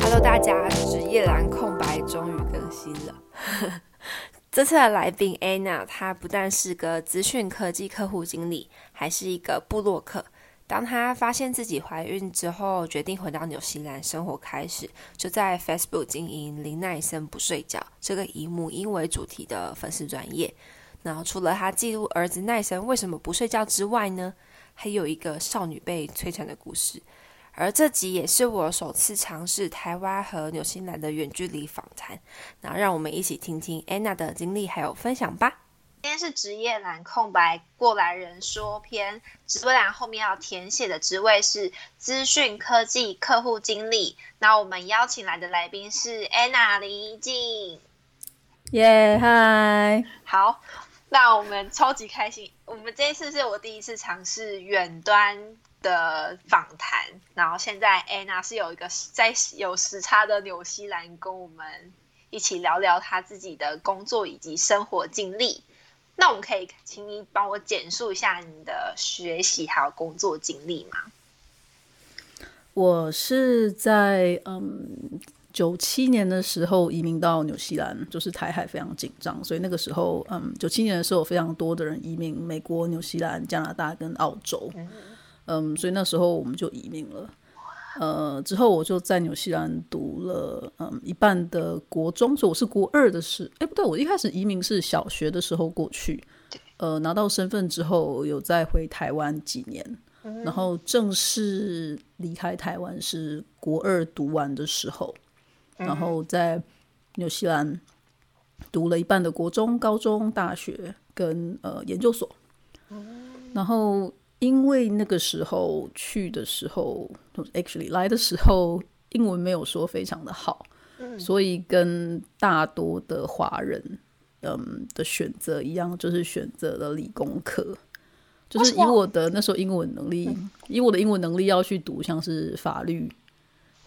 Hello，大家，職業欄空白終於更新了。 這次的來賓 Anna，她不但是個資訊科技客戶經理，還是一個部落客。當她發現自己懷孕之後，決定回到紐西蘭生活，開始就在 Facebook 經營“林奈森不睡覺”這個以母嬰為主題的粉絲專頁。然後，除了他記錄兒子奈森為什麼不睡覺之外呢，還有一個少女被摧殘的故事。而這集也是我首次嘗試台灣和紐西蘭的遠距離訪談。然後，讓我們一起聽聽安娜的經歷還有分享吧。今天是職業欄空白過來人說篇，職位欄後面要填寫的職位是資訊科技客戶經理。那我們邀請來的來賓是安娜李怡靜。耶，嗨，好。 那我們超級開心！我們這一次是我第一次嘗試遠端的訪談，然後現在安娜是有一個在有時差的紐西蘭，跟我們一起聊聊她自己的工作以及生活經歷。那我們可以請你幫我簡述一下你的學習還有工作經歷嗎？我是在嗯。九七年的時候移民到紐西蘭，就是台海非常緊張，所以那個時候，嗯，九七年的時候非常多的人移民美國、紐西蘭、加拿大跟澳洲，嗯，所以那時候我們就移民了。呃，之後我就在紐西蘭讀了，嗯，一半的國中，所以我是國二的時。哎、欸，不對，我一開始移民是小學的時候過去，呃，拿到身份之後有再回台灣幾年，然後正式離開台灣是國二讀完的時候。然後在紐西蘭讀了一半的國中、高中、大學跟呃研究所，然後因為那個時候去的時候，就是，actually 來的時候英文沒有說非常的好，嗯、所以跟大多的華人嗯的選擇一樣，就是選擇了理工科，就是以我的那時候英文能力，嗯、以我的英文能力要去讀像是法律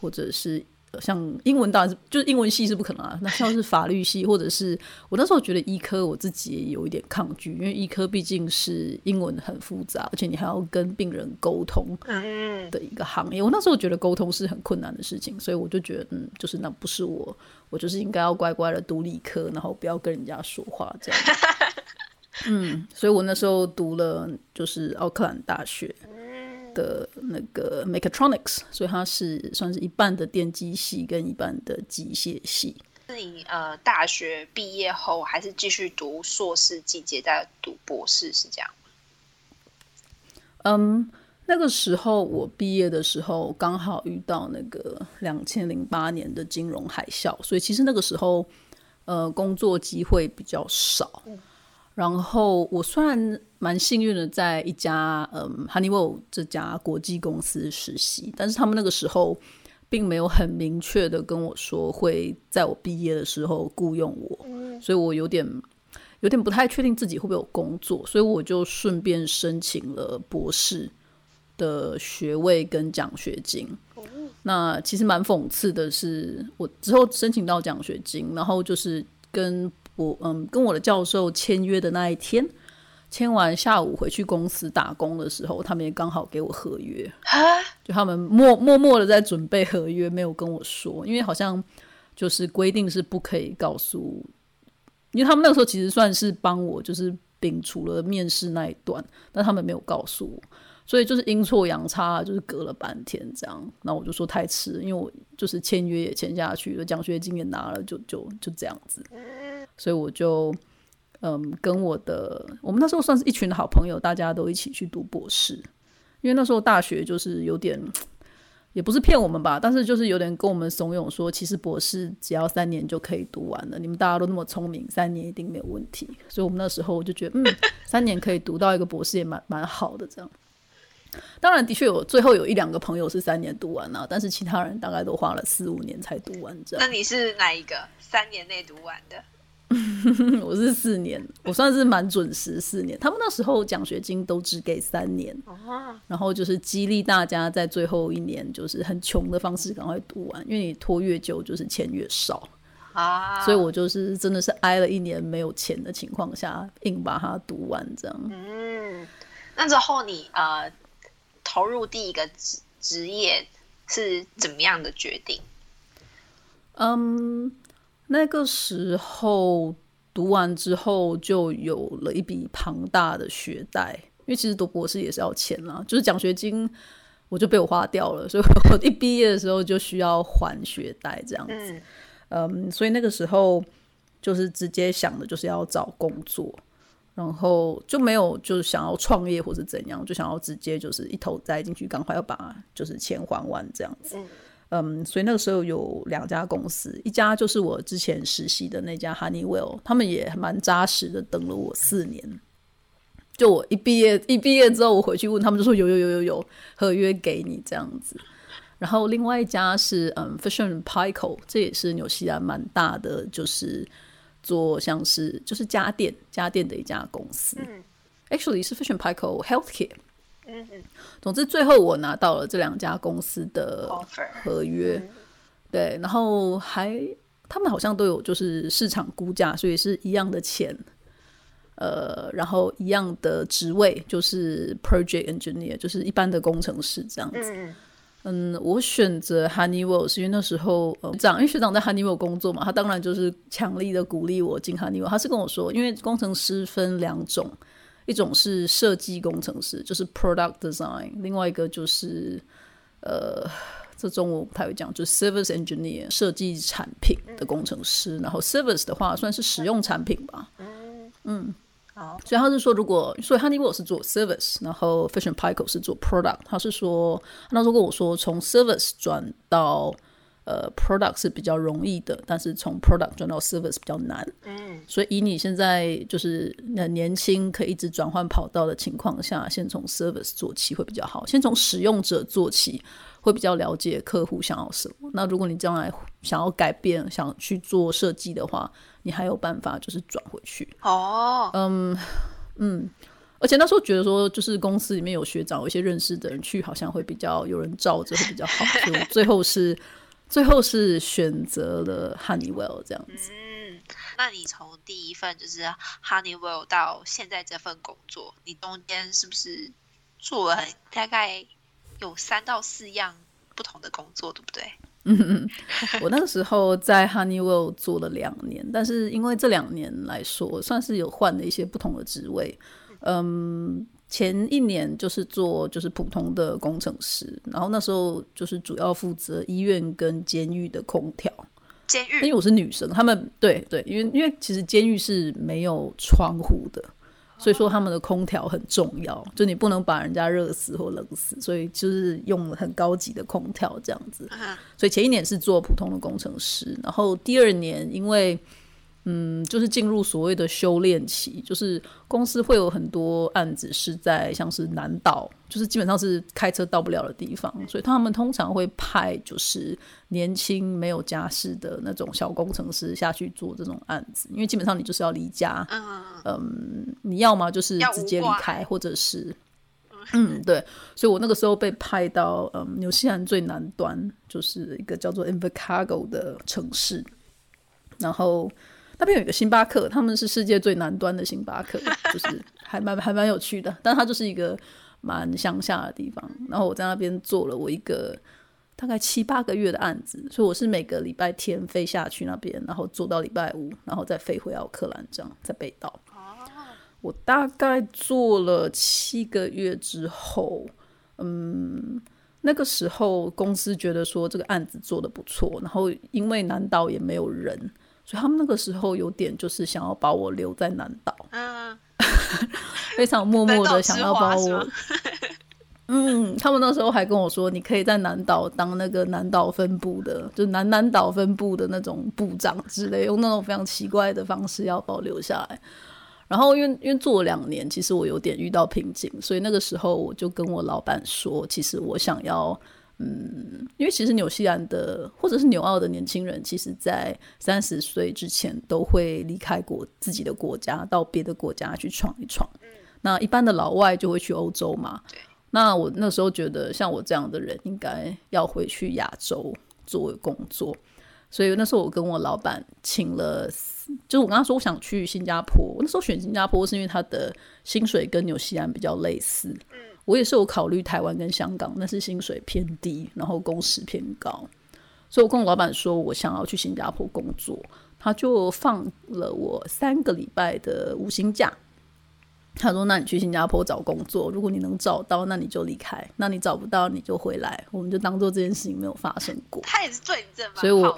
或者是像英文當然是，就是英文系是不可能啊。那像是法律系，或者是我那時候覺得醫科，我自己也有一點抗拒，因為醫科畢竟是英文很複雜，而且你還要跟病人溝通的一個行業。我那時候覺得溝通是很困難的事情，所以我就覺得，嗯，就是那不是我，我就是應該要乖乖的讀理科，然後不要跟人家說話這樣。嗯，所以我那時候讀了就是奧克蘭大學。的那個 mechatronics，所以它是算是一半的電機系跟一半的機械系。你大學畢業後還是繼續讀碩士，直接在讀博士是這樣嗎？嗯，那個時候我畢業的時候剛好遇到那個兩千零八年的金融海嘯，所以其實那個時候、呃、工作機會比較少。然後我雖然蠻幸運的，在一家嗯 Honeywell 這家國際公司實習，但是他們那個時候並沒有很明確的跟我說會在我畢業的時候僱用我，所以我有點有點不太確定自己會不會有工作，所以我就順便申請了博士的學位跟獎學金。那其實蠻諷刺的是，我之後申請到獎學金，然後就是跟我嗯，跟我的教授簽約的那一天，簽完下午回去公司打工的時候，他們也剛好給我合約，就他們默默默的在準備合約，沒有跟我說，因為好像就是規定是不可以告訴，因為他們那個時候其實算是幫我就是摒除了面試那一段，但他們沒有告訴我，所以就是陰錯陽差，就是隔了半天這樣，那我就說太遲，因為我就是簽約也簽下去，獎學金也拿了，就就就這樣子。所以我就，嗯，跟我的我們那時候算是一群的好朋友，大家都一起去讀博士。因為那時候大學就是有點，也不是騙我們吧，但是就是有點跟我們慫恿說，其實博士只要三年就可以讀完了。你們大家都那麼聰明，三年一定沒有問題。所以我們那時候我就覺得，嗯， 三年可以讀到一個博士也蠻蠻好的。這樣，當然的確有最後有一兩個朋友是三年讀完了啊，但是其他人大概都花了四五年才讀完。這樣，那你是哪一個三年內讀完的？ 我是四年，我算是蠻準時。四年，他們那時候獎學金都只給三年，然後就是激勵大家在最後一年就是很窮的方式趕快讀完，因為你拖越久就是錢越少，啊、所以我就是真的是挨了一年沒有錢的情況下，硬把它讀完這樣。嗯，那之後你呃投入第一個職職業是怎麼樣的決定？嗯。那個時候讀完之後，就有了一筆龐大的學貸，因為其實讀博士也是要錢啦、啊，就是獎學金我就被我花掉了，所以我一畢業的時候就需要還學貸這樣子嗯。嗯，所以那個時候就是直接想的就是要找工作，然後就沒有就是想要創業或是怎樣，就想要直接就是一頭栽進去，趕快要把就是錢還完這樣子。嗯嗯，所以那個時候有兩家公司，一家就是我之前實習的那家 Honeywell，他們也蠻扎實的，等了我四年。就我一畢業，一畢業之後，我回去問他們，就說有有有有有合約給你這樣子。然後另外一家是嗯 Fisher Paykel，這也是紐西蘭蠻大的，就是做像是就是家電家電的一家公司、嗯、，Actually 是 Fisher Paykel Healthcare。嗯嗯，總之最後我拿到了這兩家公司的合約，嗯嗯對，然後還他們好像都有就是市場估價，所以是一樣的錢，呃，然後一樣的職位就是 Project Engineer，就是一般的工程師這樣子。嗯嗯，嗯我選擇 Honeywell 是因為那時候學、呃、長，因為學長在 Honeywell 工作嘛，他當然就是強力的鼓勵我進 Honeywell。他是跟我說，因為工程師分兩種。一種是設計工程師，就是 product design 另外一個就是呃，這中文我不太會講，就是 service engineer 設計產品的工程師，然後 service 的話算是使用產品吧。嗯，好，所以他是說，如果，所以哈尼果是做 service 然後 fishing pike 是做 product 他是說，那如果我說從 service 轉到呃，product 是比較容易的，但是從 product 轉到 service 比較難。嗯，所以以你現在就是很年輕，可以一直轉換跑道的情況下，先從 service 做起會比較好。先從使用者做起，會比較了解客戶想要什麼。那如果你將來想要改變，想去做設計的話，你還有辦法就是轉回去。哦，嗯、um, 嗯，而且那時候覺得說，就是公司裡面有學長，有一些認識的人去，好像會比較有人罩着，會比較好。 所以最後是。最後是選擇了 Honeywell 這樣子。嗯，那你從第一份就是 Honeywell 到現在這份工作，你中間是不是做了大概有三到四樣不同的工作，對不對？嗯， 我那個時候在 Honeywell 做了兩年，但是因為這兩年來說，算是有換了一些不同的職位，嗯。前一年就是做就是普通的工程師，然後那時候就是主要負責醫院跟監獄的空調。監獄，因為我是女生，他們對對，因為因為其實監獄是沒有窗戶的，所以說他們的空調很重要。哦，就你不能把人家熱死或冷死，所以就是用很高級的空調這樣子。所以前一年是做普通的工程師，然後第二年因為，嗯，就是進入所謂的修煉期，就是公司會有很多案子是在像是南島，就是基本上是開車到不了的地方，所以他們通常會派就是年輕沒有家室的那種小工程師下去做這種案子，因為基本上你就是要離家，嗯，嗯你要麼就是直接離開，或者是，嗯，對，所以我那個時候被派到嗯紐西蘭最南端，就是一個叫做 Invercargill 的城市，然後。那邊有一個星巴克，他們是世界最南端的星巴克，就是還蠻還蠻有趣的。但它就是一個蠻鄉下的地方。然後我在那邊做了我一個大概七八個月的案子，所以我是每個禮拜天飛下去那邊，然後做到禮拜五，然後再飛回奧克蘭，這樣在北島。我大概做了七個月之後，嗯，那個時候公司覺得說這個案子做得不錯，然後因為南島也沒有人。所以他們那個時候有點就是想要把我留在南島，啊、 非常默默的想要把我， 嗯，他們那時候還跟我說，你可以在南島當那個南島分部的，就南南島分部的那種部長之類，用那種非常奇怪的方式要保留下來。然後因為因為做了兩年，其實我有點遇到瓶頸，所以那個時候我就跟我老板說，其實我想要。嗯，因為其實紐西蘭的或者是紐澳的年輕人，其實在三十歲之前都會離開過自己的國家，到別的國家去闖一闖。那一般的老外就會去歐洲嘛。那我那時候覺得，像我這樣的人應該要回去亞洲做個工作。所以那時候我跟我老闆請了，就是我跟他說我想去新加坡。我那時候選新加坡是因為他的薪水跟紐西蘭比較類似。我也是，我考慮台灣跟香港，但是薪水偏低，然後工時偏高，所以我跟我老板說，我想要去新加坡工作，他就放了我三個禮拜的無薪假。他說：“那你去新加坡找工作，如果你能找到，那你就離開；那你找不到，你就回來，我們就當做這件事情沒有發生過。”他也是最正，所以我，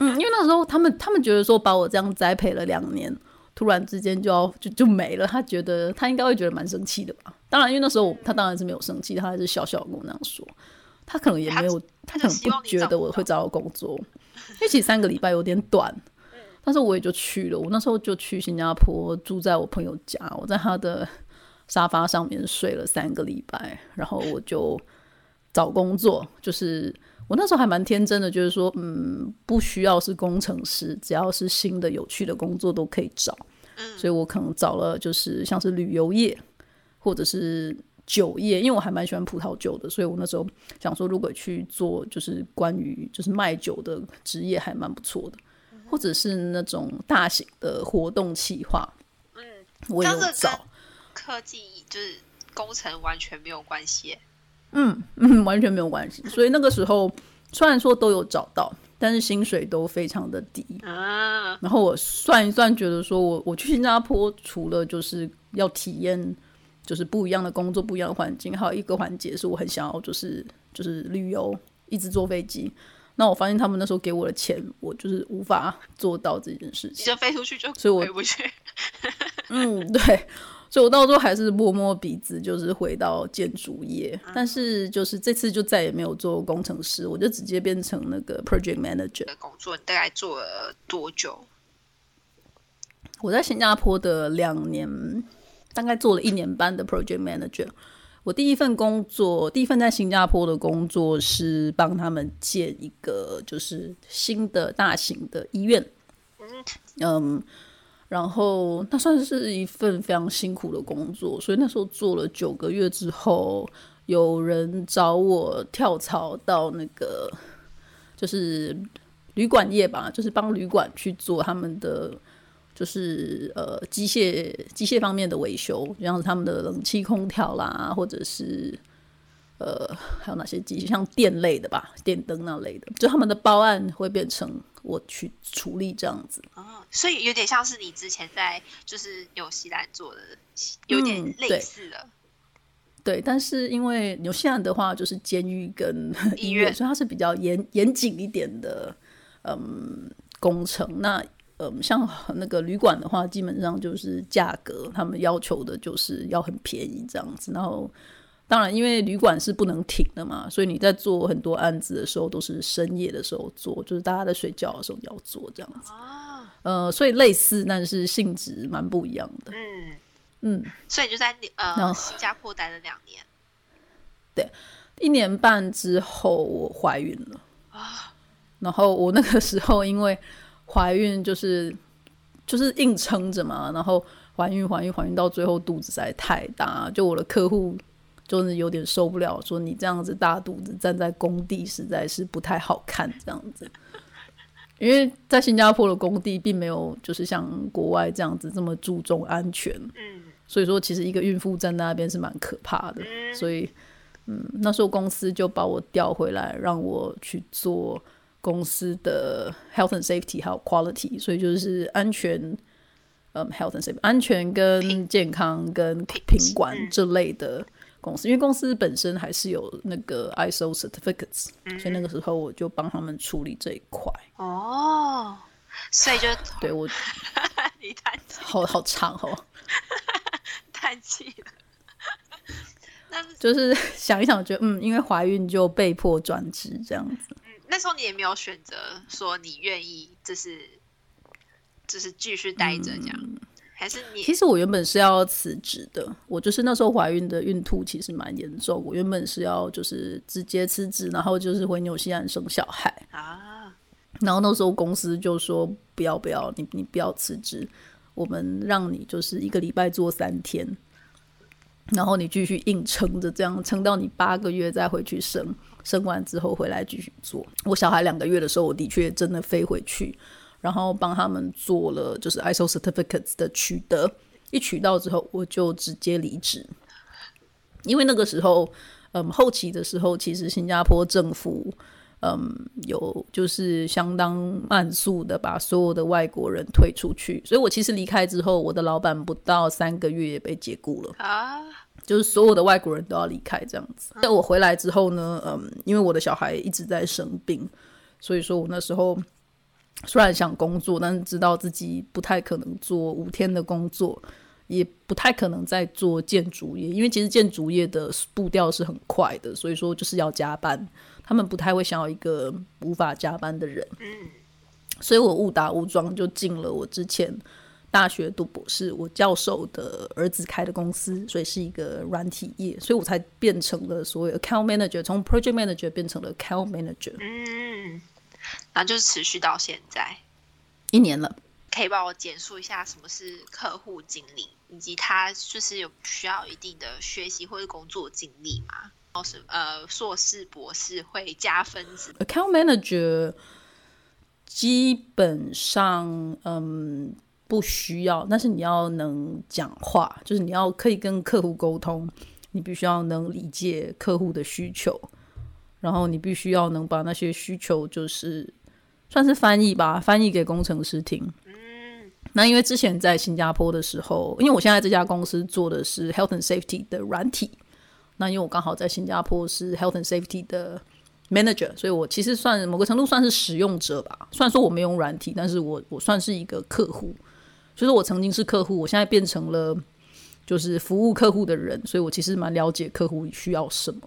嗯，因為那時候他們他們覺得說把我這樣栽培了兩年，突然之間就要就就沒了，他覺得他應該會覺得蠻生氣的吧。當然，因為那時候、嗯、他當然是沒有生氣，他還是笑笑跟我那樣說。他可能也沒有，他，他可能不覺得我會找到工作，因為其實三個禮拜有點短。但是我也就去了。我那時候就去新加坡，住在我朋友家，我在他的沙發上面睡了三個禮拜，然後我就找工作。 就是我那時候還蠻天真的，就是說，嗯，不需要是工程師，只要是新的、有趣的工作都可以找。嗯、所以我可能找了，就是像是旅遊業。或者是酒業，因為我還蠻喜歡葡萄酒的，所以我那時候想說，如果去做就是關於就是賣酒的職業，還蠻不錯的。或者是那種大型的活動企劃，嗯，我也有找科技就是工程完全沒有關係，嗯嗯，完全沒有關係。所以那個時候雖然說都有找到，但是薪水都非常的低啊。然後我算一算，覺得說我我去新加坡除了就是要體驗。就是不一樣的工作，不一樣的環境，還有一個環節是我很想要、就是，就是就是旅遊，一直坐飛機。那我發現他們那時候給我的錢，我就是無法做到這件事情。直接飛出去就去，所以我回不去。 嗯，對，所以我到時候還是摸摸鼻子，就是回到建築業、嗯。但是就是這次就再也沒有做工程師，我就直接變成那個 project manager 的工作。你大概做了多久？我在新加坡的兩年。大概做了一年半的 Project Manager。我第一份工作，第一份在新加坡的工作是幫他們建一個就是新的大型的醫院，嗯，然後那算是一份非常辛苦的工作，所以那時候做了九個月之後，有人找我跳槽到那個就是旅館業吧，就是幫旅館去做他們的。就是呃，機械機械方面的維修，然後他們的冷氣、空調啦，或者是呃，還有哪些機械像電類的吧，電燈那類的，就他們的報案會變成我去處理這樣子。哦、嗯，所以有點像是你之前在就是紐西蘭做的，有點類似的。對，但是因為紐西蘭的話，就是監獄跟醫院， 醫院，所以它是比較嚴嚴謹一點的嗯工程那。嗯，像那個旅館的話，基本上就是價格，他們要求的就是要很便宜這樣子。然後，當然，因為旅館是不能停的嘛，所以你在做很多案子的時候，都是深夜的時候做，就是大家在睡覺的時候要做這樣子。呃，所以類似，但是性質蠻不一樣的。嗯嗯，所以就在呃新加坡待了兩年。對，一年半之後我懷孕了啊。然後我那個時候因為。懷孕就是就是硬撐着嘛，然後懷孕懷孕懷孕到最後肚子實在太大，就我的客戶就是有點受不了，說你這樣子大肚子站在工地實在是不太好看這樣子。因為在新加坡的工地並沒有就是像國外這樣子這麼注重安全，所以說其實一個孕婦站在那邊是蠻可怕的，所以嗯那時候公司就把我調回來讓我去做，公司的 health and safety 還有 quality，所以就是安全，嗯，health and safety 安全跟健康跟品管這類的公司，因為公司本身還是有那個 ISO certificates，、嗯、所以那個時候我就幫他們處理這一塊。嗯、 哦，所以就對我，你嘆好好長哦，嘆氣了，就是想一想，我覺得嗯，因為懷孕就被迫轉職這樣子。那時候你也沒有選擇說你願意，就是就是繼續待着這樣？嗯，還是你？其實我原本是要辭職的，我就是那時候懷孕的，孕吐其實蠻嚴重。我原本是要就是直接辭職，然後就是回紐西蘭生小孩啊。然後那時候公司就說不要不要，你你不要辭職，我們讓你就是一個禮拜做三天，然後你繼續硬撐着，這樣撐到你八個月再回去生。生完之後回來繼續做。我小孩兩個月的時候，我的確真的飛回去，然後幫他們做了就是 ISO Certificates 的取得。一取到之後，我就直接離職。因為那個時候，嗯，後期的時候，其實新加坡政府，嗯，有就是相當慢速的把所有的外國人推出去。所以我其實離開之後，我的老闆不到三個月也被解僱了啊。就是所有的外國人都要離開這樣子。在我回來之後呢，嗯，因為我的小孩一直在生病，所以說我那時候雖然想工作，但是知道自己不太可能做五天的工作，也不太可能再做建築業，因為其實建築業的步調是很快的，所以說就是要加班，他們不太會想要一個無法加班的人。所以我誤打誤撞就進了我之前。大學讀博士，我教授的兒子開的公司，所以是一個軟體業，所以我才變成了所謂 account manager，從 project manager 變成了 account manager。嗯，然後就是持續到現在，一年了。可以幫我簡述一下什麼是客戶經理，以及他就是有需要一定的學習或是工作經歷嗎？然後是呃碩士、博士會加分子？account manager 基本上，嗯。不需要，但是你要能講話，就是你要可以跟客戶溝通，你必須要能理解客戶的需求，然後你必須要能把那些需求就是算是翻譯吧，翻譯給工程師聽。嗯，那因為之前在新加坡的時候，因為我現在這家公司做的是 health and safety 的軟體，那因為我剛好在新加坡是 health and safety 的 manager，所以我其實算某個程度算是使用者吧。雖然說我沒用軟體，但是我我算是一個客戶。就是我曾經是客戶，我現在變成了就是服務客戶的人，所以我其實蠻了解客戶需要什麼，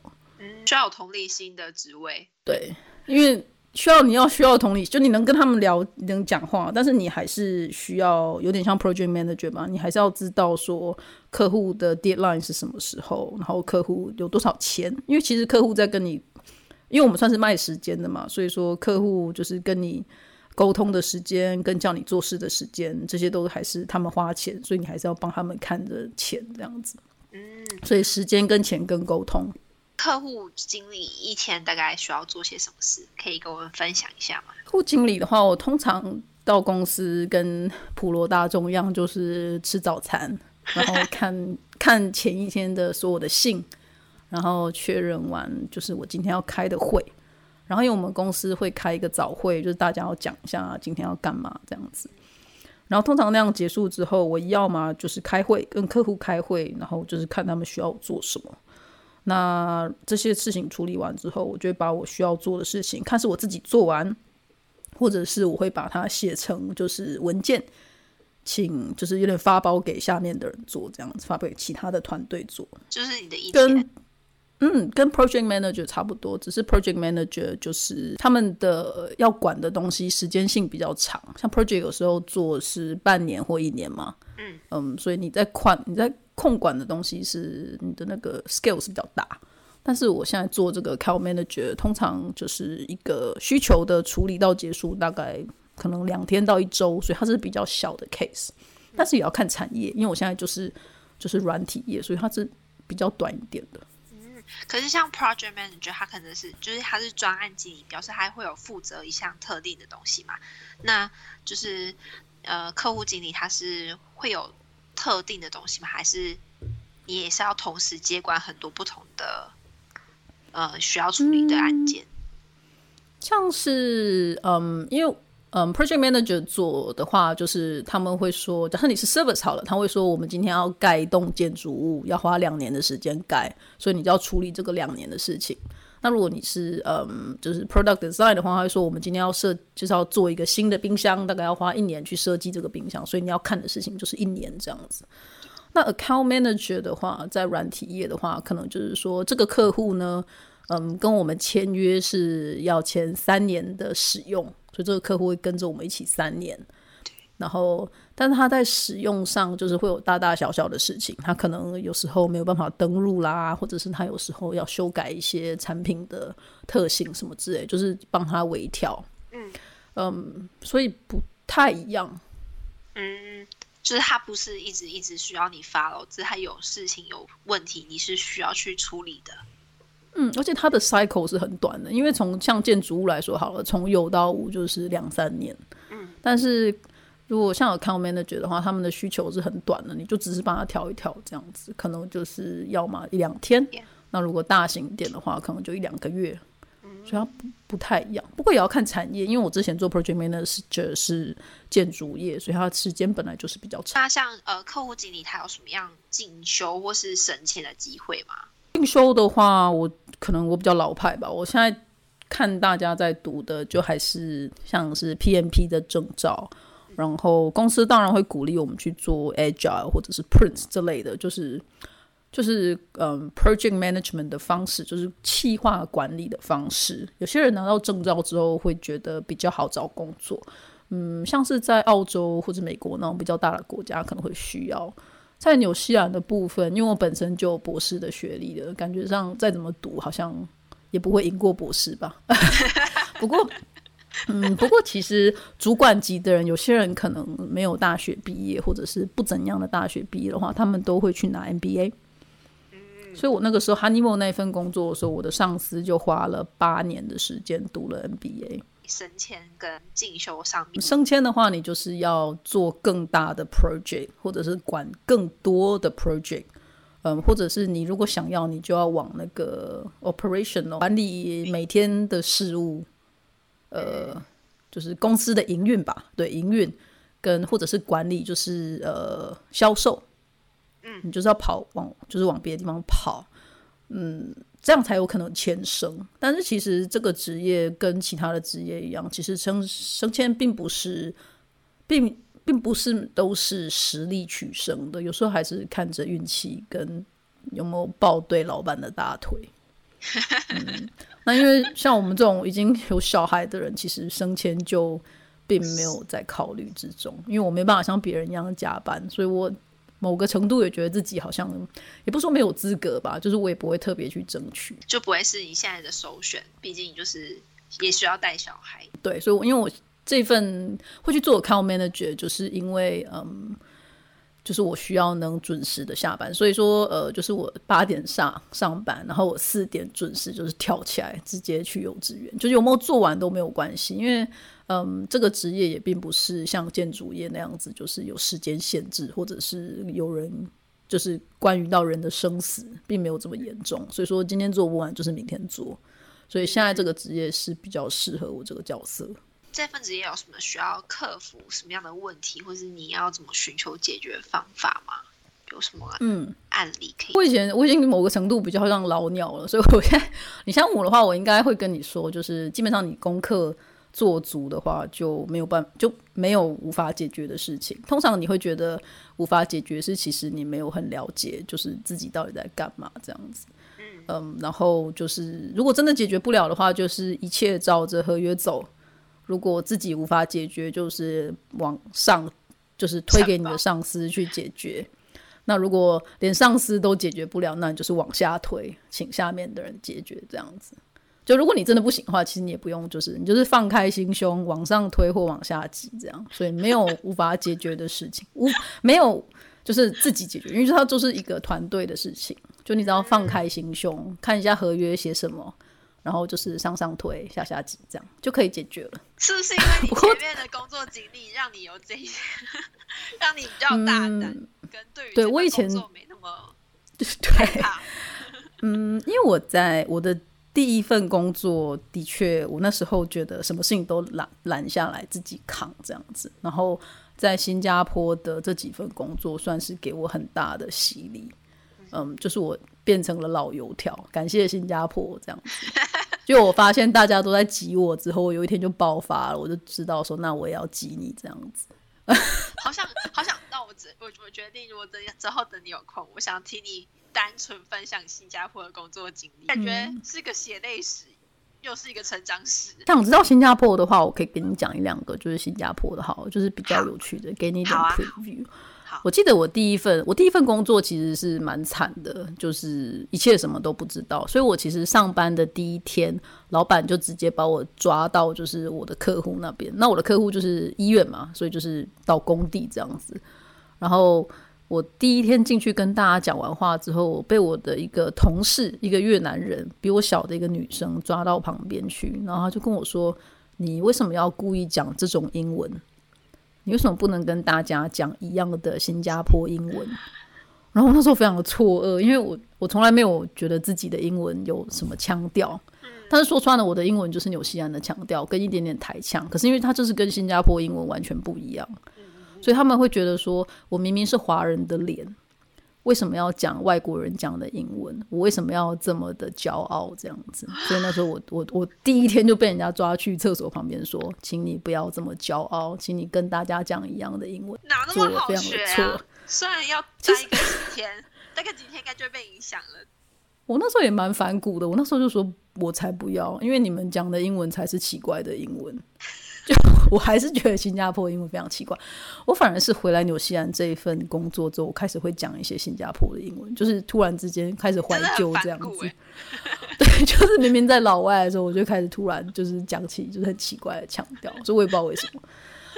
需要同理心的職位。對，因為需要你要需要同理，就你能跟他們聊，能講話，但是你還是需要有點像 project manager 嘛，你還是要知道說客戶的 deadline 是什麼時候，然後客戶有多少錢，因為其實客戶在跟你，因為我們算是賣時間的嘛，所以說客戶就是跟你。溝通的時間跟叫你做事的時間，這些都還是他們花錢，所以你還是要幫他們看着錢這樣子。嗯，所以時間跟錢跟溝通。客戶經理一天大概需要做些什麼事，可以跟我們分享一下嗎？客戶經理的話，我通常到公司跟普羅大眾一樣，就是吃早餐，然後看 看前一天的所有的信，然後確認完就是我今天要開的會。然後因為我們公司會開一個早會，就是大家要講一下今天要幹嘛這樣子。然後通常那樣結束之後，我要麼就是開會，跟客戶開會，然後就是看他們需要我做什麼。那這些事情處理完之後，我就會把我需要做的事情看是我自己做完，或者是我會把它寫成就是文件，請就是有點發包給下面的人做，這樣子發給其他的團隊做，就是你的意思。嗯，跟 project manager 差不多，只是 project manager 就是他們的、呃、要管的東西時間性比較長，像 project 有時候做是半年或一年嘛。嗯，嗯，所以你在控你在控管的東西是你的那個 scale 是比較大，但是我現在做這個 account manager 通常就是一個需求的處理到結束大概可能兩天到一周，所以它是比較小的 case，但是也要看產業，因為我現在就是就是軟體業，所以它是比較短一點的。可是像 Project Manager 他可能是就是他是專案經理，表示他會有負責一項特定的東西嘛？那就是呃客戶經理他是會有特定的東西嗎？還是你也是要同時接管很多不同的呃需要處理的案件？嗯、像是嗯因為。Um, 嗯，um, project manager 做的話，就是他們會說，假設你是 service 好了，他會說我們今天要蓋一棟建築物，要花兩年的時間蓋，所以你就要處理這個兩年的事情。那如果你是嗯，um, 就是 product design 的話，他會說我們今天要設，就是要做一個新的冰箱，大概要花一年去設計這個冰箱，所以你要看的事情就是一年這樣子。那 account manager 的話，在軟體業的話，可能就是說這個客戶呢，嗯，跟我們簽約是要簽三年的使用。所以這個客戶會跟着我們一起三年，對。然後，但是他在使用上就是會有大大小小的事情，他可能有時候沒有辦法登錄啦，或者是他有時候要修改一些產品的特性什麼之類，就是幫他微調。嗯嗯，所以不太一樣。嗯，就是他不是一直一直需要你 follow，只是他有事情有問題，你是需要去處理的。嗯，而且它的 cycle 是很短的，因為從像建築物來說好了，從有到無就是兩三年。嗯，但是如果像 account manager 的話，他們的需求是很短的，你就只是幫他調一調這樣子，可能就是要嘛一兩天。Yeah. 那如果大型一點的話，可能就一兩個月。嗯，所以它不不太一樣，不過也要看產業，因為我之前做 project manager 是，是建築業，所以它時間本來就是比較長。那像呃客戶經理，他有什麼樣進修或是省錢的機會嗎？進修的話，我。可能我比較老派吧，我現在看大家在讀的，就還是像是 PMP 的證照，然後公司當然會鼓勵我們去做 Agile 或者是 Prince 之類的，就是就是嗯 Project Management 的方式，就是企劃管理的方式。有些人拿到證照之後會覺得比較好找工作，嗯，像是在澳洲或者美國那種比較大的國家，可能會需要。在紐西蘭的部分，因為我本身就有博士的學歷了，感覺上再怎麼讀，好像也不會贏過博士吧。 不過，嗯，不過其實主管級的人，有些人可能沒有大學畢業，或者是不怎樣的大學畢業的話，他們都會去拿 MBA。所以我那個時候 Honeywell 那份工作的時候，我的上司就花了八年的時間讀了 MBA。升遷跟進修上面，升遷的話，你就是要做更大的 project，或者是管更多的 project，嗯，或者是你如果想要，你就要往那個 operational 管理每天的事務，呃，就是公司的營運吧，對營運跟或者是管理就是呃銷售，嗯，你就是要跑往就是往別的地方跑，嗯。這樣才有可能升，但是其實這個職業跟其他的職業一樣，其實升升遷並不是，並並不是都是實力取勝的，有時候還是看着運氣跟有沒有抱對老闆的大腿。嗯，那因為像我們這種已經有小孩的人，其實升遷就並沒有在考慮之中，因為我沒辦法像別人一樣加班，所以我。某個程度也覺得自己好像，也不說沒有資格吧，就是我也不會特別去爭取，就不會是你現在的首選。畢竟你就是也需要帶小孩。對，所以因為我這份會去做 account manager，就是因為嗯。就是我需要能準時的下班，所以說呃，就是我八點上上班，然後我四點準時就是跳起來直接去幼稚園，就是有沒有做完都沒有關係，因為嗯，這個職業也並不是像建築業那樣子，就是有時間限制，或者是有人就是關於到人的生死，並沒有這麼嚴重，所以說今天做不完就是明天做，所以現在這個職業是比較適合我這個角色。這份職業有什麼需要克服什麼樣的問題，或是你要怎麼尋求解決方法嗎？有什麼嗯案例可以？嗯、我以前我已經某個程度比較像老鳥了，所以我現在你像我的話，我應該會跟你說，就是基本上你功課做足的話，就沒有辦就沒有無法解決的事情。通常你會覺得無法解決，是其實你沒有很了解，就是自己到底在幹嘛這樣子。嗯，嗯然後就是如果真的解決不了的話，就是一切照着合約走。如果自己無法解決，就是往上，就是推給你的上司去解決。那如果連上司都解決不了，那你就是往下推，請下面的人解決，這樣子。就如果你真的不行的話，其實你也不用，就是你就是放開心胸，往上推或往下擠這樣。所以沒有無法解決的事情， 無沒有就是自己解決，因為它就是一個團隊的事情。就你只要放開心胸，看一下合約寫什麼。然後就是上上推下下擠，這樣就可以解決了。是不是因為你前面的工作經歷讓你有這些， 讓你比較大膽？嗯、對，對我以前做沒那麼害怕。嗯，因為我在我的第一份工作的確，我那時候覺得什麼事情都攬攬下來自己扛這樣子。然後在新加坡的這幾份工作，算是給我很大的洗禮。嗯，嗯就是我。變成了老油條，感謝新加坡這樣子。就我發現大家都在擠我之後，我有一天就爆發了，我就知道說，那我也要擠你這樣子。 好像好像，那我我我決定，我，我如果等之後等你有空，我想要聽你單純分享新加坡的工作經歷，嗯，感覺是個血淚史，又是一個成長史。像我知道新加坡的話，我可以跟你講一兩個，就是新加坡的好，就是比較有趣的，給你一點 preview。我記得我第一份我第一份工作其實是蠻慘的，就是一切什麼都不知道。所以我其實上班的第一天，老闆就直接把我抓到就是我的客戶那邊。那我的客戶就是醫院嘛，所以就是到工地這樣子。然後我第一天進去跟大家講完話之後，我被我的一個同事，一個越南人比我小的一個女生抓到旁邊去，然後她就跟我說：“你為什麼要故意講這種英文？”你為什麼不能跟大家講一樣的新加坡英文？然後我那時候非常的錯愕，因為我我從來沒有覺得自己的英文有什麼腔調，但是說穿了，我的英文就是紐西蘭的腔調，跟一點點台腔。可是因為他就是跟新加坡英文完全不一樣，所以他們會覺得說我明明是華人的臉。為什麼要講外國人講的英文？我為什麼要這麼的驕傲這樣子？所以那時候我我我第一天就被人家抓去廁所旁邊說：“請你不要這麼驕傲，請你跟大家講一樣的英文。”哪那麼好學啊？雖然要待一個幾天，待個幾天應該就被影響了。我那時候也蠻反骨的，我那時候就說：“我才不要！”因為你們講的英文才是奇怪的英文。 我還是覺得新加坡的英文非常奇怪。我反而是回來紐西蘭這一份工作之後，我開始會講一些新加坡的英文，就是突然之間開始懷舊這樣子。欸、 對，就是明明在老外的時候，我就開始突然就是講起，就是很奇怪的腔調，所以我也不知道為什麼。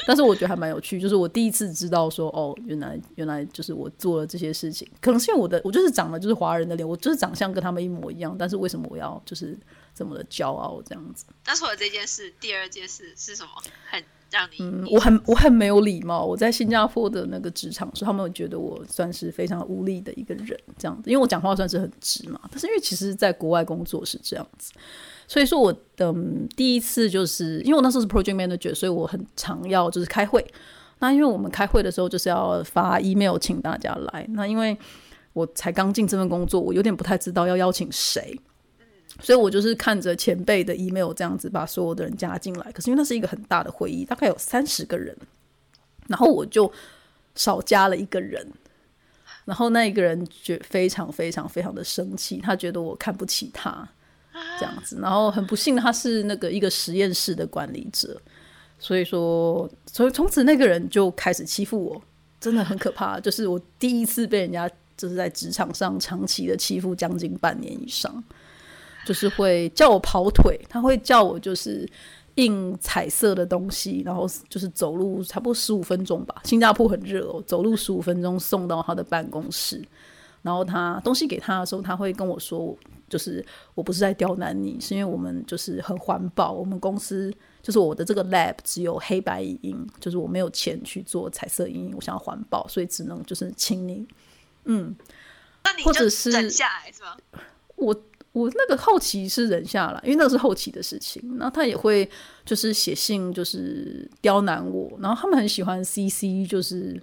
但是我覺得還蠻有趣，就是我第一次知道說，哦，原來原來就是我做了這些事情，可能是因為我的我就是長得就是華人的臉，我就是長相跟他們一模一樣，但是為什麼我要就是這麼的驕傲這樣子？但是我的這件事，第二件事是什麼？很嗯，我很我很沒有禮貌。我在新加坡的那個職場的時候，說他們會覺得我算是非常無禮的一個人這樣子，因為我講話算是很直嘛。但是因為其實在國外工作是這樣子，所以說我的、嗯、第一次就是因為我那時候是 project manager，所以我很常要就是開會。那因為我們開會的時候就是要發 email 請大家來。那因為我才剛進這份工作，我有點不太知道要邀請誰。所以我就是看着前輩的 email 這樣子把所有的人加進來，可是因為那是一個很大的會議，大概有三十個人，然後我就少加了一個人，然後那個人覺非常非常非常的生氣，他覺得我看不起他這樣子，然後很不幸他是那個一個實驗室的管理者，所以說，所以從此那個人就開始欺負我，真的很可怕，就是我第一次被人家就是在職場上長期的欺負，將近半年以上。就是會叫我跑腿，他會叫我就是印彩色的東西，然後就是走路差不多十五分鐘吧。新加坡很熱哦，走路十五分鐘送到他的辦公室，然後他東西給他的時候，他會跟我說，就是我不是在刁難你，是因為我們就是很環保，我們公司就是我的這個 lab 只有黑白影印，就是我沒有錢去做彩色影印，我想要環保，所以只能就是請你，嗯，那你就等或者是下來是吧？我。我那個好奇是忍下來，因為那是後期的事情。然後他也會就是寫信，就是刁難我。然後他們很喜歡 CC，就是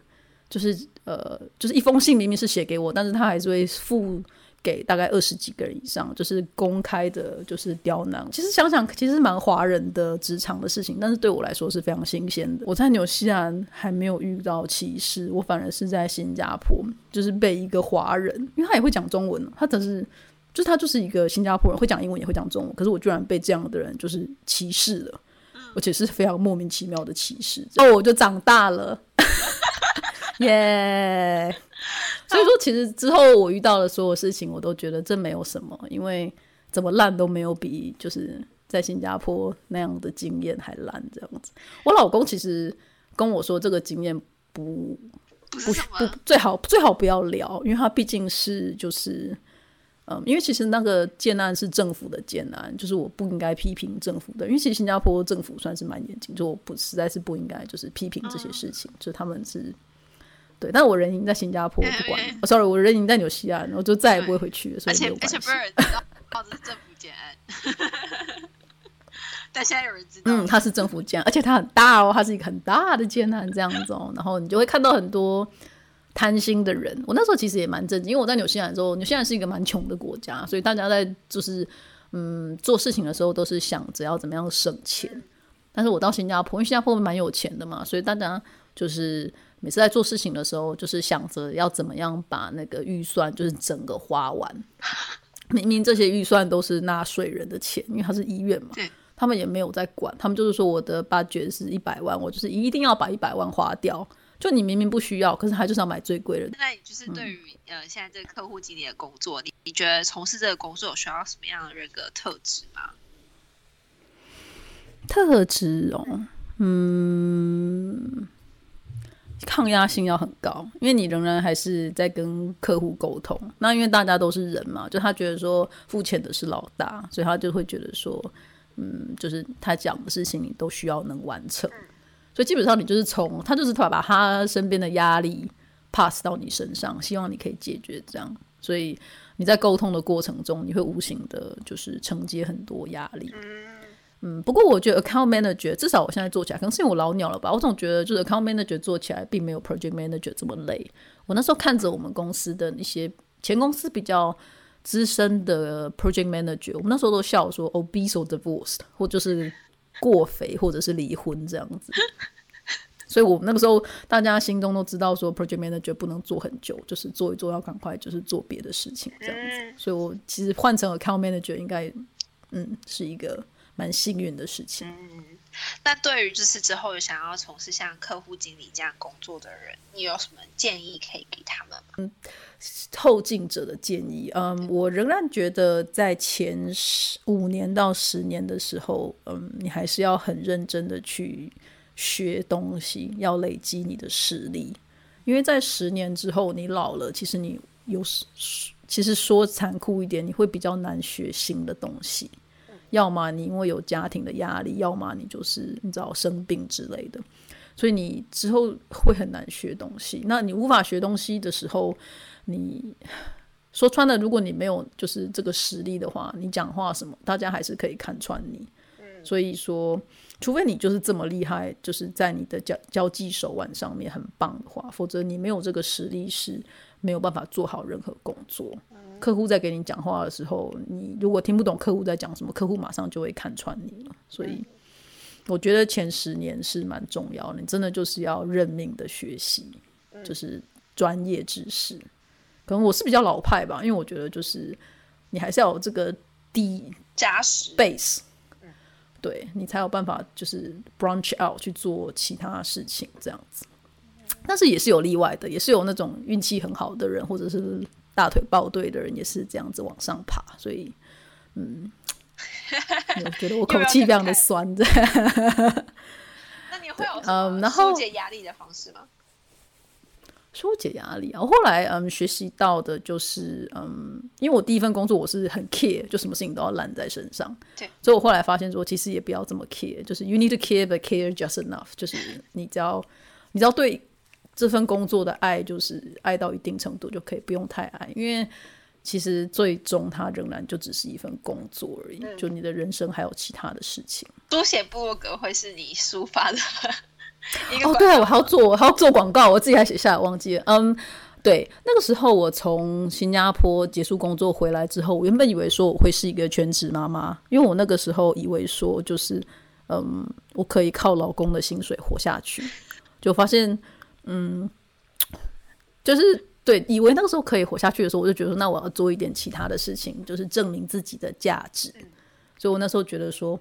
就是呃，就是一封信明明是寫給我，但是他還是會附給大概二十幾個人以上，就是公開的，就是刁難我。其實想想，其實是蠻華人的職場的事情，但是對我來說是非常新鮮的。我在紐西蘭還沒有遇到歧視，我反而是在新加坡，就是被一個華人，因為他也會講中文，他只是。就他就是一個新加坡人，會講英文也會講中文，可是我居然被這樣的人就是歧視了，而且是非常莫名其妙的歧視。哦、嗯，我就長大了，耶 Yeah！ 所以說，其實之後我遇到的所有事情，我都覺得這沒有什麼，因為怎麼爛都沒有比就是在新加坡那樣的經驗還爛。這樣子，我老公其實跟我說，這個經驗不不是不，不最好最好不要聊，因為他畢竟是就是。嗯，因為其實那個建案是政府的建案，就是我不應該批評政府的。因為其實新加坡政府算是蠻嚴謹，就我不實在是不應該就是批評這些事情，嗯，就他們是，對。但我人已經在新加坡，我不管。欸欸欸 oh, sorry，我人已經在紐西蘭，我就再也不會回去了，所以沒有關係。而且，而且不有人靠着 政府建案， 但現在有人知道，嗯，他是政府建，而且他很大哦，他是一個很大的建案這樣子。哦， 然後你就會看到很多。貪心的人，我那時候其實也蠻震驚，因為我在紐西蘭的時候，紐西蘭是一個蠻窮的國家，所以大家在就是嗯做事情的時候都是想着要怎麼樣省錢。但是我到新加坡，因為新加坡蠻有錢的嘛，所以大家就是每次在做事情的時候，就是想着要怎麼樣把那個預算就是整個花完。明明這些預算都是納稅人的錢，因為他是醫院嘛，對，他們也沒有在管，他們就是說我的八 u 是一百萬，我就是一定要把一百萬花掉。就你明明不需要，可是他就想買最貴的。現在就是對於呃，現在這個客戶經理的工作，你、嗯、你覺得從事這個工作有需要什麼樣的人格特質嗎？特質哦，嗯，嗯抗壓性要很高，因為你仍然還是在跟客戶溝通。那因為大家都是人嘛，就他覺得說付錢的是老大，所以他就會覺得說，嗯，就是他講的事情你都需要能完成。嗯所以基本上你就是從他就是他把他身邊的壓力 pass 到你身上，希望你可以解決這樣。所以你在溝通的過程中，你會無形的，就是承接很多壓力。嗯，不過我覺得 account manager 至少我現在做起來，可能是因為我老鳥了吧。我總覺得就是 account manager 做起來，並沒有 project manager 這麼累。我那時候看着我們公司的一些前公司比較資深的 project manager，我們那時候都笑說，busy or divorced，或就是。過肥，或者是離婚這樣子，所以我那個時候大家心中都知道說，Project Manager 不能做很久，就是做一做要趕快就是做別的事情這樣子。所以我其實換成 Account Manager 應該，嗯，是一個蠻幸運的事情。那對於這次之後想要從事像客戶經理這樣工作的人，你有什麼建議可以給他們嗎？嗯，後進者的建議，嗯，我仍然覺得在前五年到十年的時候，嗯，你還是要很認真的去學東西，要累積你的實力，因為在十年之後你老了，其實你有，其實說殘酷一點，你會比較難學新的東西。要麼你因為有家庭的壓力，要麼你就是你知道生病之類的，所以你之後會很難學東西。那你無法學東西的時候，你說穿了，如果你沒有就是這個實力的話，你講話什麼，大家還是可以看穿你。所以說。除非你就是這麼厲害，就是在你的交交際手腕上面很棒的話，否則你沒有這個實力是沒有辦法做好任何工作。客戶在給你講話的時候，你如果聽不懂客戶在講什麼，客戶馬上就會看穿你了。所以我覺得前十年是蠻重要的，你真的就是要認命的學習，就是專業知識。可能我是比較老派吧，因為我覺得就是你還是要有這個底加 base 對你才有辦法，就是 branch out 去做其他事情這樣子，但是也是有例外的，也是有那種運氣很好的人，或者是大腿抱對的人，也是這樣子往上爬。所以，嗯， 我覺得我口氣非常的酸。 看看 那你會有什麼、嗯、紓解壓力的方式嗎？疏解壓力，然後，啊，我後來嗯學習到的就是嗯，因為我第一份工作我是很 care，就什麼事情都要攬在身上。對。所以我後來發現說，其實也不要這麼 care，就是 you need to care, but care just enough，就是你只要，你只要對這份工作的愛，就是愛到一定程度就可以，不用太愛，因為其實最終它仍然就只是一份工作而已。嗯、就你的人生還有其他的事情，書寫部落格會是你抒發的？哦，oh, 對，我還要做，我還要做廣告，我自己還寫下來忘記了。嗯、um,，對，那個時候我從新加坡結束工作回來之後，我原本以為說我會是一個全職媽媽，因為我那個時候以為說就是，嗯，我可以靠老公的薪水活下去。就發現，嗯，就是對，以為那個時候可以活下去的時候，我就覺得說那我要做一點其他的事情，就是證明自己的價值。嗯、所以我那時候覺得說。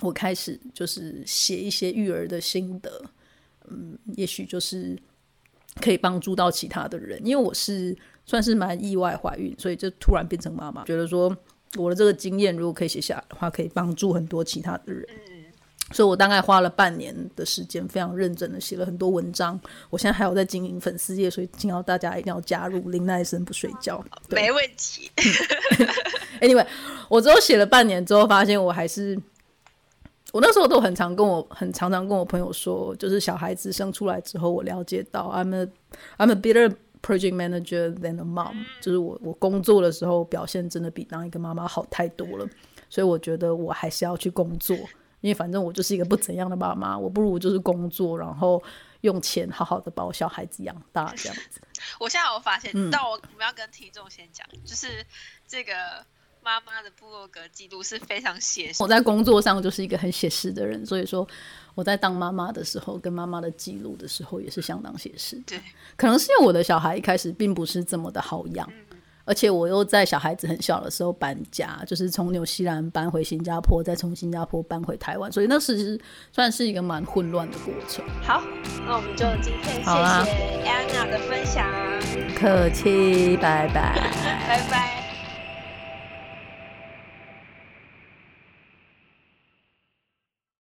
我開始就是寫一些育兒的心得，嗯，也許就是可以幫助到其他的人，因為我是算是蠻意外懷孕，所以就突然變成媽媽，覺得說我的這個經驗如果可以寫下來的話，可以幫助很多其他的人，嗯，所以我大概花了半年的時間，非常認真的寫了很多文章。我現在還有在經營粉絲頁，所以請大家一定要加入林奈森不睡覺。啊，沒問題。嗯、 Anyway，我之後寫了半年之後，發現我還是。我那時候都很常跟我很常常跟我朋友說，就是小孩子生出來之後，我了解到，I'm a I'm a better project manager than a mom，、嗯、就是我我工作的時候表現真的比當一個媽媽好太多了，所以我覺得我還是要去工作，因為反正我就是一個不怎樣的媽媽，我不如就是工作，然後用錢好好的把我小孩子養大這樣子。我現在我發現，嗯、到我我們要跟聽眾先講，就是這個。媽媽的部落格記錄是非常寫實的。我在工作上就是一個很寫實的人，所以說我在當媽媽的時候，跟媽媽的記錄的時候也是相當寫實的。對，可能是因為我的小孩一開始並不是這麼的好養，嗯、而且我又在小孩子很小的時候搬家，就是從紐西蘭搬回新加坡，再從新加坡搬回台灣，所以那其實算是一個蠻混亂的過程。好，那我們就今天謝謝 Anna 的分享。客氣，拜拜， 拜拜。